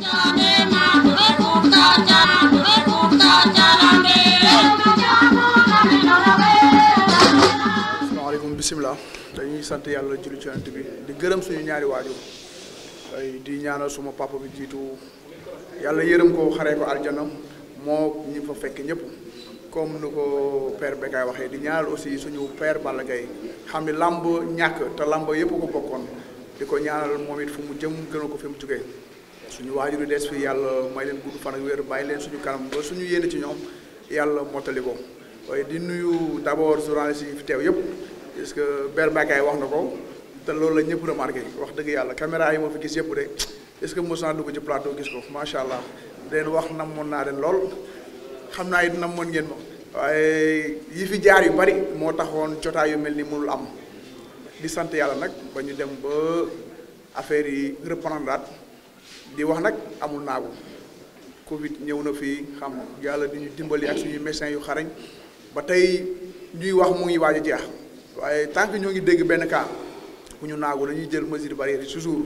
asalaamaaleykum bisimilah dañuy sant yàlla julli ci Yonent bi di gërëm suñu ñaari waajur di ñaanal suma papa bi jiitu yàlla yërëm ko xare ko aljana moo ñi fa fekk ñëpp comme nu ko père Bekay waxee di ñaanal aussi suñu père Balla Gaye xam ni làmb ñàkk te làmb yëpp ko bokkoon di ko ñaanal moom it fu mu jëm gëna ko fi mu jugee suñu waajuru des fi yàlla may leen gudd fan ak wér bàyyi leen suñu kanam ba suñu yéene ci ñoom yàlla mottali ko waaye di nuyu d' journaliste fi teew yëpp parce que Ber Mbakaay wax na ko te loolu la ñëpp remarqué wax dëgg yàlla caméra yi moo fi gis yëpp de est ce que mos naa dugg ci plateau gis ko allah den wax na moon naa leen lool xam it na moon ngeen ma waaye yi fi jaar yu bari moo taxoon jotaay yu ni am di sant yàlla nag ba dem ba affaire yi di wax nag amul naagu Covid ñëw na fii xam yàlla di ñu dimbali ak suñuy médecins yu xarañ ba tey ñuy wax mu ngi waaj jeex waaye tant ñoo ngi dégg benn kaa bu ñu naagu dañuy jël mesure barrière yi toujours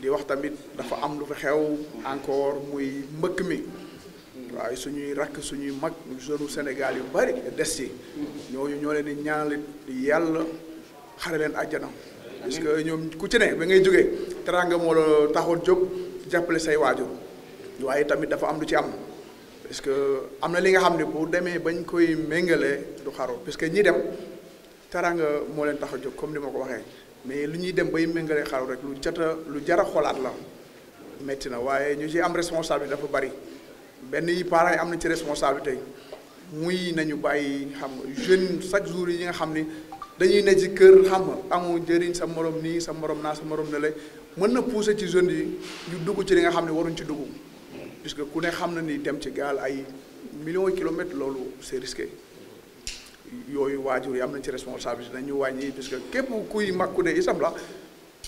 di wax tamit dafa am lu fa xew encore muy mbëkk mi waaye suñuy rakk suñuy mag jeune Sénégal yu bari des ci ñooñu ñoo leen di ñaanal yàlla xare leen àjjana parce que ñoom ku ci ne ba ngay jógee teranga moo la taxoon jóg jàppale say waajur waaye tamit dafa am lu ci am parce que am na li nga xam ne bu demee bañ koy méngalee du xaru parce que ñi dem teranga moo leen tax a jóg comme ni ma ko waxee mais lu ñuy dem bay méngalee xaru rek lu jata lu jara xolaat la metti na waaye ñu ci am responsabilité dafa bari benn yi parents yi am na ci responsabilité muy nañu bàyyi xam jeune chaque jour yi nga xam ne dañuy ne ci kër xam nga amu njëriñ sa morom nii sa morom naa sa morom ne la mën na pousser ci jeunes yi ñu dugg ci li nga xam ne waruñ ci dugg puisque ku ne xam na ni dem ci gaal ay millions de loolu c'est risqué yooyu waajur yi am nañ ci responsabilité nañ ñu wàññi puisque képp kuy mag ku ne isam la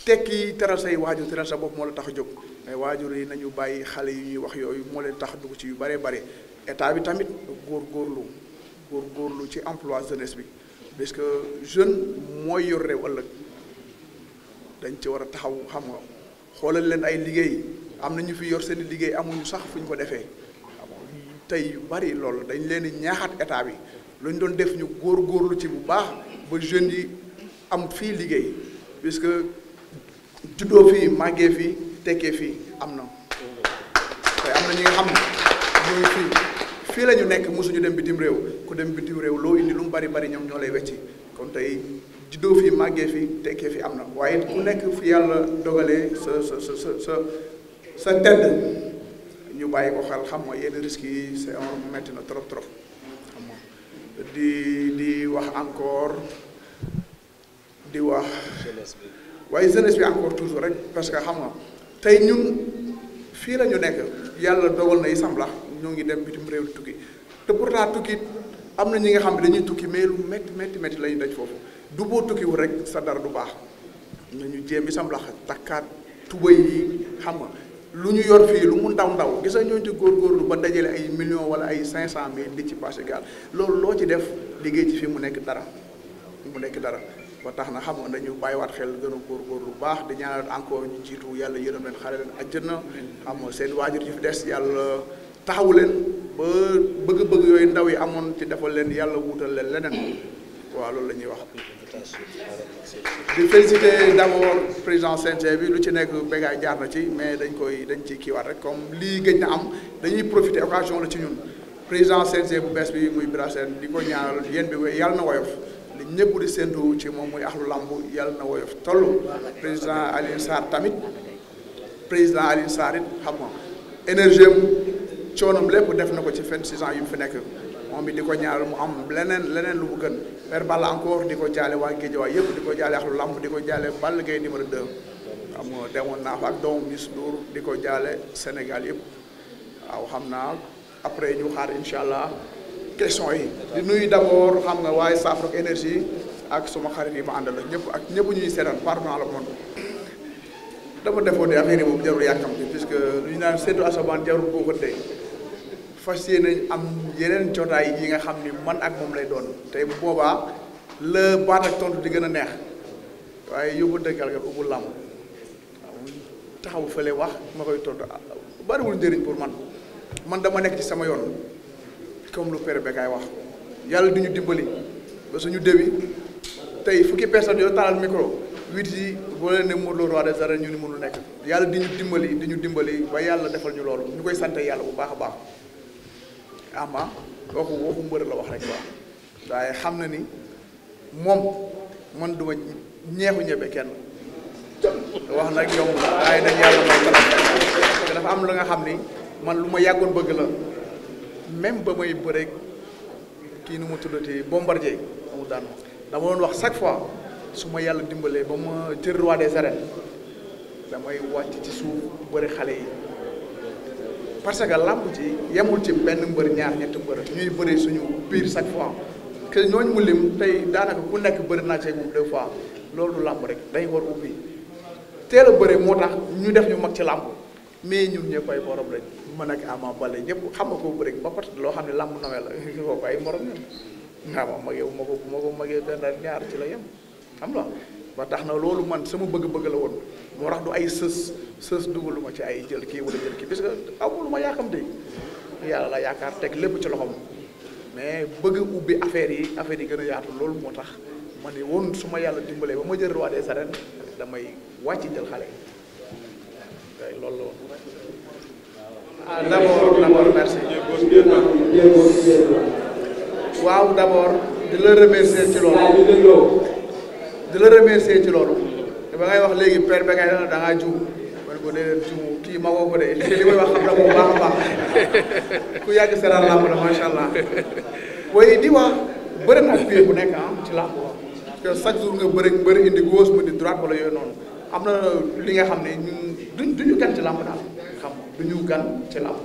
tekki teral say waajur teral sa bopp moo la tax a jóg mais waajur yi nañu bàyyi xale yi ñuy wax yooyu moo leen tax dugg ci yu bëree bëri état bi tamit góor góorlu góor góorlu ci emploi jeunesse bi parce que jeune mooy yor réew ëllëg dañ ci war a taxaw xam nga xoolal leen ay liggéey am na ñu fi yor seen liggéey amuñu sax fu ñu ko defee tey yu bari loolu dañ leen di ñaaxaat état bi lu doon def ñu góor-góorlu ci bu baax ba jeunes yi am fii liggéey puisque juddoo fii màggee fii tekkee fii am na te am na ñi xam ne ñooñu fii fii la ñu nekk mosuñu dem bitim réew ku dem bitim réew loo indi lu mu bari bari ñoom ñoo lay wecci kon tey juddoo fi màggee fi tekkee fi am na waaye ku nekk fi yàlla dogalee sa sa sa sa sa tedd ñu bàyyi ko xel xam nga yenn risques yi c'est un metti na trop trop xam di di wax encore di wax waaye jeunesse bi encore toujours rek parce que xam nga tey ñun fii la ñu nekk dogal na yi sambla ñoo ngi dem bitim réew tukki te pourtant tukki am na ñi nga xam ne dañuy tukki mais lu métti métti métti la ñuy daj foofu du boo tukkiwul rek sa dara du baax ñu jéem sam lax takkaat tubay yi xam nga lu ñu yor fii lu mu ndaw ndaw gis nga ñooñu ci góorgóorlu ba dajale ay millions wala ay cinq cent di ci passé gaal loolu loo ci def liggéey ci fii mu nekk dara mu nekk dara ba tax na xam nañu dañu waat xel gën a góorgóor lu baax di ñaanal encore ñu jiitu yàlla yërëm leen xale leen àjjana xam nga seen waajur yi fi des yàlla taxawu leen ba bëgg-bëgg yooyu ndaw yi amoon ci defal leen yàlla wutal leen leneen waa loolu la ñuy wax. di féliciter d'abord président CNG bi lu ci nekk bégaay jaar na ci mais dañ koy dañ ci kiiwaat rek comme lii gëj am dañuy profiter occasion la ci ñun président CNG bu bees bi muy Bira Sène di ko ñaanal yéen bi yàlla na woyof. li ñëpp di séntu ci moom muy axlu làmb yàlla na woyof toll président Alioune Sarr tamit président Alioune Sarr it xam nga coonam lépp def na ko ci fen six ans yu fi nekk moom it di ko ñaar mu am leneen leneen lu mu gën père encore di ko jaale waa Guédiawaye yëpp di ko jaale ak lamb di ko jaale Balla Gaye numéro 2 xam nga demoon naa fa ak doomu Miss Ndour di ko jaale Sénégal yëpp waaw xam naa après ñu xaar incha allah question yi di nuyu d' abord xam nga waaye Safroc énergie ak suma xarit yi ma àndal ñëpp ak ñëpp ñuy seetaan pardon la monde dama defoon ne affaire yi moom jarul yàkkamti puisque lu ñu naan séddu asamaan jarul boo ko dee fas yéene am yeneen jotaay yi nga xam ni man ak moom lay doon te bu boobaa la baat ak tontu di gën a neex waaye yóbbu dëggal nga ubbu làmb taxaw fële wax ma koy tontu bariwul njëriñ pour man man dama nekk ci sama yoon comme lu père Bekaay wax yàlla di dimbali ba suñu déwi tey fukki personnes yoo taalal micro huit yi boo leen ne Modou Lo roi des arènes ñu ni mënul nekk yàlla di dimbali di dimbali ba yàlla defal ñu loolu ñu koy sante yàlla bu baax baax ama kooku waxu mbër la wax rek waaw waaye xam na ni moom man duma ñeexu ñebe kenn wax nag yow waaye dafa am la nga xam ni man lu ma yàggoon bëgg la même ba may bëreeg kii nu mu tuddati bombardier amu daan dama doon wax chaque fois su ma yàlla dimbalee ba ma jër roi des arènes damay wàcc ci suuf bëri xale yi parce que làmb ci yemul ci benn mbër ñaar ñetti mbër ñuy bëri suñu biir chaque fois que ñooñu mu lim tey daanaka ku nekk bëri naa see moom deux fois loolu làmb rek day war ubbi teel a bëri moo tax ñu def ñu mag ci làmb mais ñun ñëpp ay borom lañ mën ak amaa Baldé ñëpp xam nga koo bëri ba pat loo xam ne làmb nawee la kooku ay morom ñun waaw mag yow ma ko ma ko magee benn ñaar ci la yem xam nga ba tax na loolu man sama bëgg-bëgg la woon moo tax du ay sës sës dugaluma ci ay jël kii wala jël kii parce que aw lu ma yaaxam de yàlla la yaakaar teg lépp ci loxoom mais bëgg ubbi affaire yi affaire yi gën a yaatu loolu moo tax ma ne woon su ma yàlla dimbalee ba ma jël roi des arènes damay wàcc jël xale ah, waaw d' di la remercier ci loolu. di la remercier ci loolu te ba ngay wax léegi père ba ngay da ngaa juum man ko dee ma woo ko de wax xam na ku yàgg seetaan làmb la macha allah waaye di wax bëri na bu nekk ah ci làmb te chaque jour nga bëri bëri indi gauche mu di droite wala yooyu noonu am na li nga xam ne ñun duñ duñu gan ci làmb daal xam duñu gan ci làmb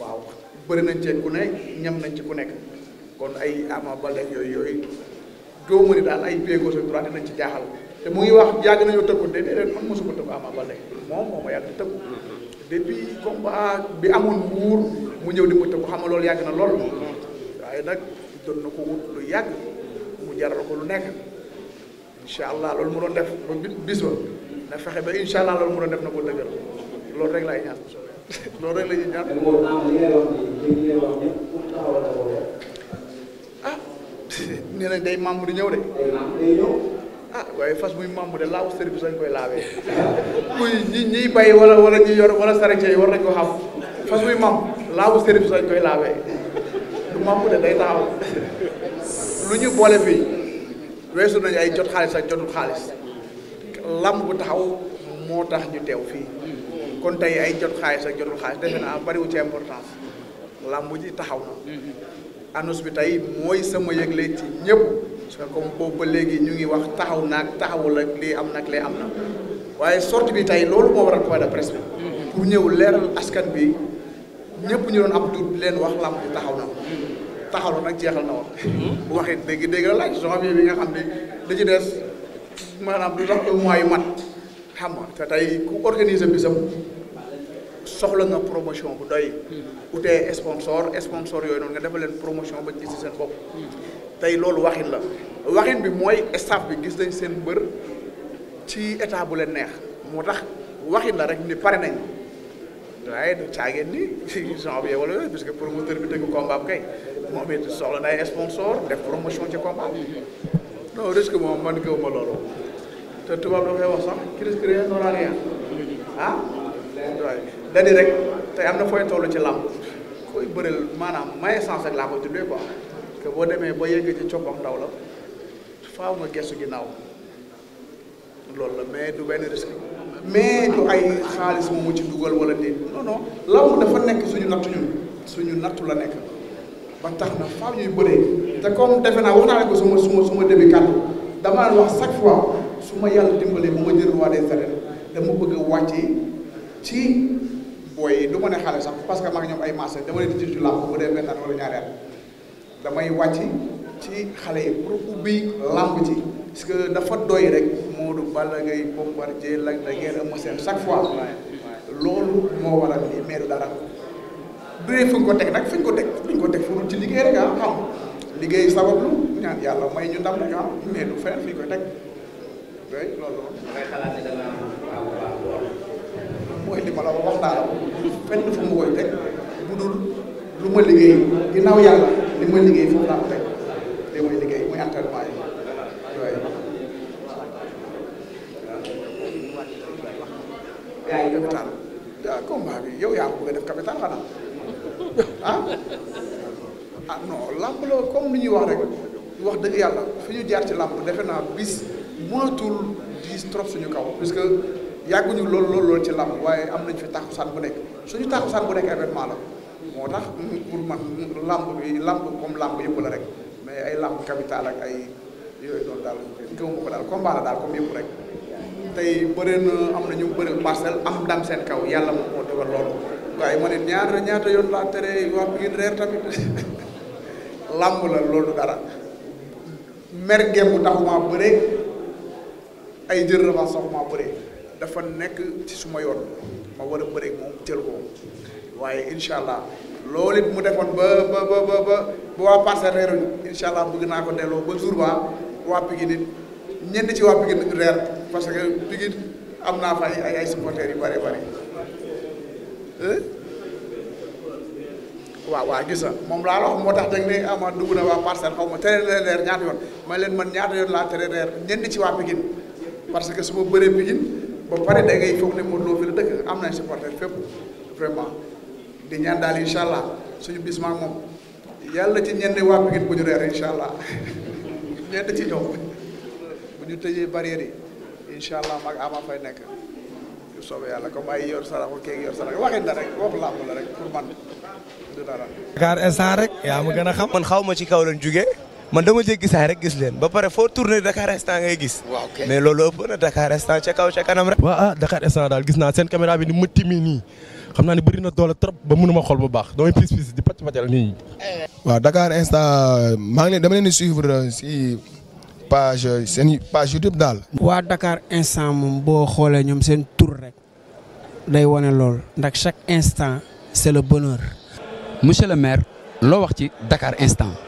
waaw bëri nañ ci ku nekk ñam nañ ci ku nekk kon ay Ama yooyu yooyu gëw ma ni daal ay pied gauche ak dinañ ci jaaxal te mu ngi wax yàgg nañoo tëkku de déedéet man mosuma tëkku Ama Baldé moom moo yàgg di depuis combat bi amoon wuur mu ñëw di ma tëkku xam nga loolu yàgg na lool waaye nag doon na ko wut lu yàgg mu jaral ko lu nekk incha allah loolu mu doon def ba bis ba na fexe ba incha allah loolu mu doon def na ko dëggal loolu rek laay ñaan loolu rek la ñuy ñaan. nee nañ day membre di ñëw de. ah waaye fas muy membre de laaw service lañ koy laawee. muy ñi ñiy bay wala wala ñi yor wala charretier yi war nañ ko xam fas muy membre laaw service lañ koy laawee du membre de day taxaw lu ñu boole fii weesu nañu ay jot xaalis ak jotul xaalis lamb bu taxaw moo tax ñu teew fii kon tey ay jot xaalis ak jotul xaalis defe naa bariwu ci importance lamb ji taxaw na. Mm-hmm. annonce bi tey mooy sama yëgle ci ñëpp parce comme boobu ba léegi ñu ngi wax taxaw naag taxawul ak lii am nag lii am na waaye sortie bi tey loolu moo waral ko de presse bi pour ñëw leeral askan bi ñëpp ñu doon am tuut leen wax làmb bi taxaw na taxaw nag jeexal na wax bu waxee dégg-dégg la laaj janvier bi nga xam ne li ci des maanaam du tax un mois mat xam nga te tey ku organiser bisam soxla nga promotion bu doy. utee sponsor sponsor yooyu noonu nga defal leen promotion ba gis ci seen bopp. tey loolu waxin la waxin bi mooy staff bi gis nañ seen mbër ci état bu leen neex moo tax waxin la rek ni pare nañ waaye du caageen ni janvier wala yooyu parce que promoteur bi tëgg combat kay moom it soxla na ay sponsor def promotion ci combat non risque moom man gëw ma loolu te tubaab dafay wax sax qui risque rien n'aura ah? dani rek te am na fooy toll ci làmb koy bëreel maanaam may essence rek laa ko tuddee quoi que boo demee ba yegg ci coppam ndaw la faaw nga gestu ginnaaw loolu la mais du benn risque mais du ay xaalis mu ci dugal wala déet non non làmb dafa nekk suñu nattu ñun suñu nattu la nekk ba tax na faaw ñuy bëree te comme defe naa wax naa ne ko suma suma suma début kàddu damaa wax chaque fois su ma yàlla dimbalee bu ma jël roi des arènes dama bëgg wàccee ci wooy du ma ne xale sax parce que maa ngi ñoom ay master dama leen di jiitu làmb bu dee benn at ci xale yi pour ubbi làmb ci parce que dafa doy rek Modou Balla Gaye Bombardier Lac de Guiers Eumeu Sène fois loolu moo waral lii mais du dara bu dee fu ko teg nag ko teg fu ci liggéey rek ah, liggéey sabablu ñaan yàlla may ñu ndam rek ah mais du feneen fu ñu ko teg la wax daal. fenn fu mu koy teg bu dul lu ma liggéey ginnaaw yàlla li ma liggéey foofu laa ko teg te muy liggéey muy entraînement yi yooyu waaw capital ah yow yaa ko bëgg def capital xanaa ah ah non làmb comme li ñuy wax rek wax dëgg yàlla fi ñu jaar ci làmb defe naa bis moytul diis trop suñu kaw puisque yàgguñu lool lool loolu ci làmb waaye am nañ fi taxusaan bu nekk suñu taxusaan bu nekk événement la moo tax pour man làmb bi làmb comme làmb yëpp la rek mais ay làmb capital ak ay yooyu noonu daal gëw am na ñu bëri parcelle am ndam seen kaw yàlla moom moo dogal loolu waaye ma ne ñaata ñaata yoon laa tere waa Pikine reer tamit làmb la loolu dara mer ngeen taxumaa bëree ay jër revanche sax maa bëree dafa nekk ci suma yoon ma war a bëre moom jël ko waaye incha allah loolu mu defoon ba ba ba ba ba waa Parcelles reeruñu incha allah bëgg naa ko delloo ba jour ba waa Pikine nit ci waa Pikine reer parce que Pikine am naa fa ay ay supporters yu bari bari waaw waaw gis moom laa wax moo tax da ne ama ah, dugg na waa Parcelles xaw ma tere leen reer ñaata yoon ma leen man ñaata yoon laa tere reer ñenn ci waa Pikine parce que su bëree Pikine ba pare da ngay foog ne Modou Lo fi la dëkk am nañ supporter fépp vraiment di ñaan daal incha suñu bis moom yàlla ci ñeent waa Pikine bu ñu reer incha allah ñenn ci ñoom bu ñu tëjee barrière yi incha allah mag ama fay nekk su soobee yàlla ko ay yor sarax keeg yor sarax waxin la rek wax làmb la rek pour man du dara. Dakar rek yaa ma gën a xam. man xaw ma ci kaw lañ jugee. man dama jéggi saay rek gis len ba paré fo tourner Dakar instant ngay gis. mais lolo ëpp na Dakar instant ci kaw ca kanam rek. wa ah Dakar instant dal gis na sen caméra bi ni mu mi ni xam naa ne na doole trop ba mënuma xol bu baax damay pis pis di pàcc pàccal ni. Wa Dakar instant ma ngi leen dama leen suivre si page sen page YouTube dal. Wa Dakar instant moom bo xolé ñoom sen tour rek day wane lool ndax chaque instant c'est le bonheur. monsieur le maire lo wax ci Dakar instant.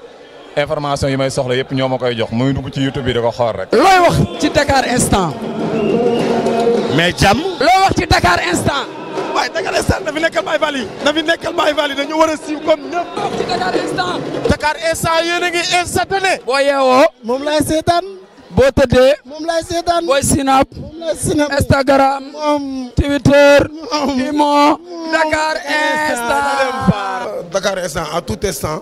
information yi may soxla yëpp ñoo ma koy jox muy dugg ci YouTube bi da ko xool rek. looy wax ci Dakar instant. mais jàmm. loo wax ci Dakar instant. Dakar instant dafi nekkal a siiw comme ñëpp. loo wax ci Dakar instant. Dakar boo yeewoo. moom laay seetaan. boo tëddee. moom laay seetaan. Instagram. Twitter. Dakar instant. Dakar à tout instant.